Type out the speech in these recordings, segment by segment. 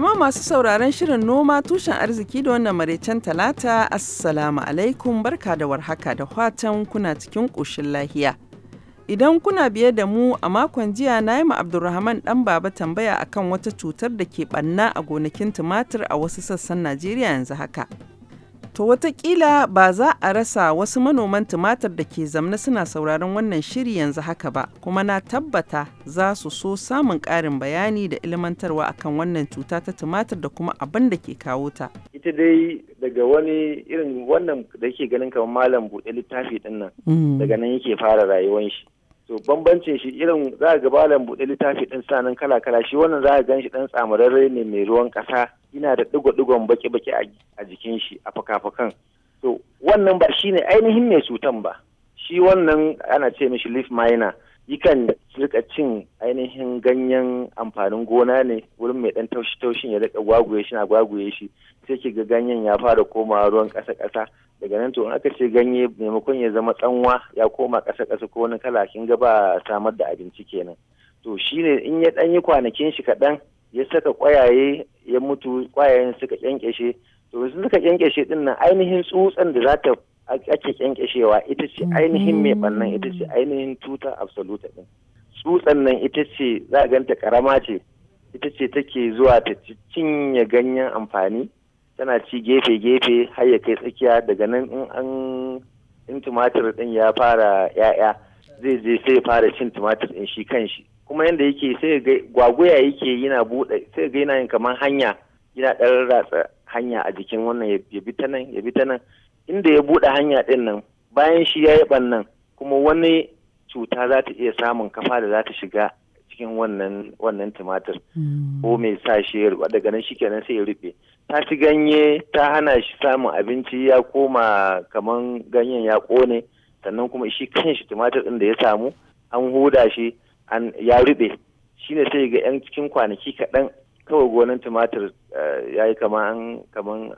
Jama'a masu sauraron shirin noma tushen arziki da wannan maraicen talata Assalamu alaikum barka da warhaka da watan kuna cikin ƙoshin lahiya. Idan kuna biye da mu a makon jiya na yi Abdulrahman ɗan baba tambaya akan wata cutar da ke ɓanna a gonakin tumatir a wasu sassan Najeriya yanzu haka. To watakila ba za a rasa wasu manoman tumatir da ke zamna suna sauraron wannan shiri yanzu haka ba, kuma na tabbata za su so samun ƙarin bayani da ilmantarwa akan wannan cuta ta tumatir da kuma abin da ke kawo ta. Ita dai daga wani irin wannan da yake ganin kamar malam buɗe littafi ɗin nan, mm. daga nan yake fara rayuwan shi. to bambancin shi irin za ga malam buɗe littafi ɗin sanan kala kala shi wannan za a gan shi ɗan tsamararre ne mai ruwan ƙasa yana da ɗigo-ɗigon baki-baki a jikin shi a fakafakan to wannan ba shi ne ainihin mai cutan ba shi wannan ana ce mishi leaf miner yikan rika cin ainihin ganyen amfanin gona ne wurin mai ɗan taushi taushin ya rika gwaguye shi na gwaguye shi sai ki ga ganyen ya fara koma ruwan ƙasa ƙasa daga nan to in aka ce ganye maimakon ya zama tsanwa ya koma ƙasa ƙasa ko wani kala kin ga ba samar da abinci kenan to shine in ya ɗan yi kwanakin shi kaɗan ya saka ƙwayaye ya mutu kwayayen suka kyankyashe to su suka kyankyashe din nan ainihin tsutsan da za ta ake kyankyashewa ita ce ainihin mai bannan ita ce ainihin tuta absoluta din tsutsan nan ita ce za ganta karama ce ita ce take zuwa ta cinye ganyen amfani tana ci gefe-gefe har ya kai tsakiya daga nan in an in tumatir din ya fara 'ya'ya zai je sai fara cin tumatir din shi kanshi. kuma yadda yake sai ga gwagwaya yake yana buɗe sai ga yana yin kamar hanya yana ɗan ratsa hanya a jikin wannan ya bi ta nan ya bi ta nan inda ya buɗe hanya ɗin nan bayan shi ya yi ɓannan kuma wani cuta za ta iya samun kafa da za ta shiga cikin wannan wannan tumatir hmm. ko mai sa shi ya rufe daga nan shikenan sai ya rufe ta ci ganye ta hana shi samun abinci ya koma kaman ganyen ya kone sannan kuma shi kanshi tumatir din da ya samu an huda shi an ya rube shine sai ga yan cikin kwanaki kaɗan kawai gonan tumatir eh, ya yi kaman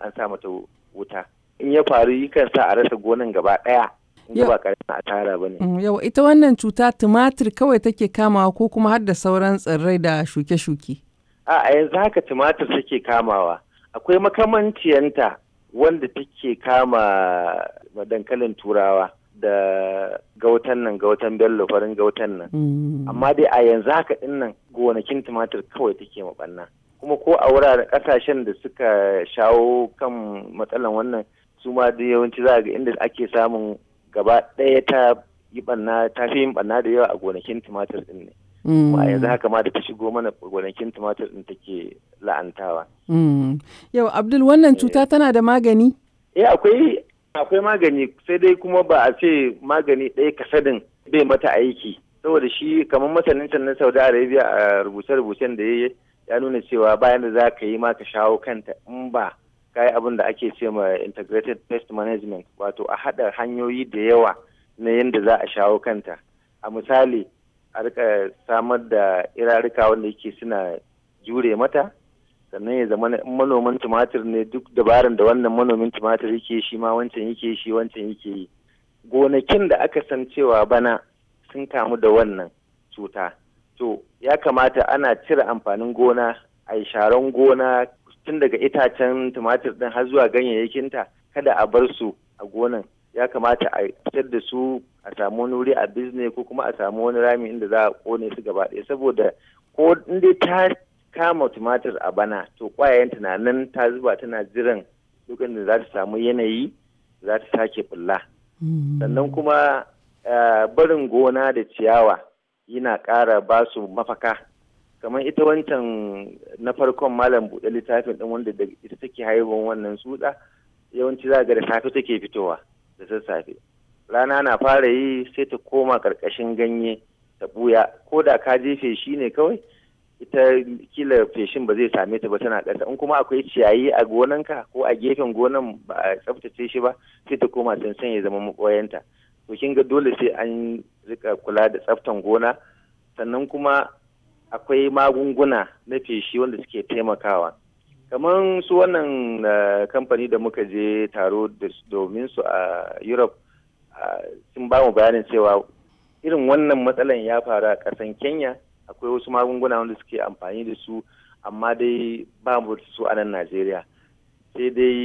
an sa mata wuta in ya faru yakan sa a rasa gonan gaba ɗaya ya ba a asara ba ne. Mm, yau ita wannan cuta tumatir kawai take kamawa ko kuma har da sauran tsirrai da shuke-shuke. A yanzu haka tumatir take kamawa. Akwai makamanciyanta wanda take kama dankalin turawa. da gautan nan gautan bello farin gautan nan mm. amma dai a yanzu haka din nan gonakin tumatir kawai take maɓanna kuma ko a wuraren ƙasashen da suka shawo kan matsalan wannan su ma da yawanci za ga inda ake samun gaba ɗaya ta yi ɓanna ta fi yin ɓanna da yawa a gonakin tumatir din ne a yanzu mm. haka ma da ta shigo mana gonakin tumatir din take la'antawa mm. yau abdul wannan cuta eh. tana da magani eh akwai akwai magani sai dai kuma ba a ce magani ɗaya kasadin bai mata aiki saboda shi kamar masanin can na saudi arabia a rubuce-rubucen da ya ya nuna cewa bayan da za ka yi ma ka shawo kanta in ba kayi yi abin da ake ce ma integrated pest management wato a haɗa hanyoyi da yawa na yadda za a shawo kanta a misali a rika samar da irarika wanda yake suna jure mata sannan ya zama manoman tumatir ne duk dabaran da wannan manomin tumatir yake shi ma wancan yake shi wancan yake yi gonakin da aka san cewa bana sun kamu da wannan cuta to ya kamata ana cire amfanin gona a sharon gona tun daga itacen tumatir din har zuwa ganyayyakinta kada a bar su a gonan ya kamata a fitar da su a samu wani wuri a bizne ko kuma a samu wani rami inda za a kone su gaba ɗaya saboda ko in ta kama tumatir a bana to kwayayen tunanin ta zuba tana jiran lokacin da za ta samu yanayi za ta sake bulla mm. sannan kuma eh, barin gona da ciyawa yana ƙara ba su mafaka kamar ita wancan na farkon malam buɗe littafin ɗin wanda da ita take haihuwan wannan tsutsa yawanci za ga da safe take fitowa da sassafe rana na fara yi sai ta koma ƙarƙashin ganye ta ɓuya ko da ka jefe shi ne kawai ita kila feshin ba zai same ta ba tana ƙasa in kuma akwai ciyayi a gonanka ko a gefen gonan ba a tsaftace shi ba sai ta koma sansan ya zama makoyanta to kin ga dole sai an rika kula da tsaftan gona sannan kuma akwai magunguna na feshi wanda suke taimakawa kamar su wannan eh, kamfani da muka je taro domin su a europe ah, sun ba mu bayanin cewa irin wannan matsalan ya faru a ƙasan kenya akwai wasu magunguna wanda suke amfani da su amma dai ba mu su a nan najeriya sai dai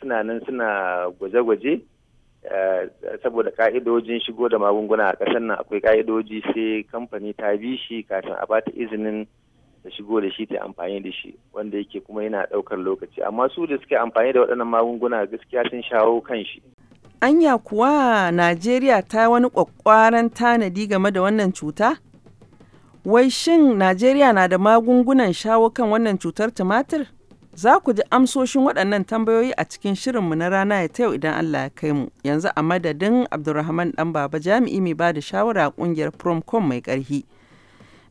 suna nan suna gwaje-gwaje eh, saboda ka'idojin shigo da magunguna a ƙasar nan akwai ka'idoji sai kamfani ta bi shi kafin a bata izinin da shigo da shi ta amfani da shi wanda yake kuma yana ɗaukar lokaci amma su da suke amfani da waɗannan magunguna gaskiya sun shawo kan shi anya kuwa najeriya ta wani ƙwaƙƙwaran tanadi game da wannan cuta Wai shin Najeriya na da magungunan shawo kan wannan cutar tumatir? Za ku ji amsoshin waɗannan tambayoyi a cikin shirinmu na rana ya ta yau idan Allah ya kai mu. Yanzu a madadin Abdulrahman ɗan baba jami'i mai ba da shawara a ƙungiyar Promcom mai ƙarhi.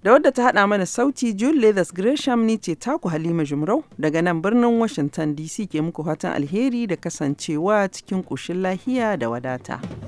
Da wadda ta haɗa mana sauti June Leathers Gresham ni ce taku Halima Jumrau daga nan birnin Washington DC ke muku fatan alheri da kasancewa cikin ƙoshin lahiya da wadata.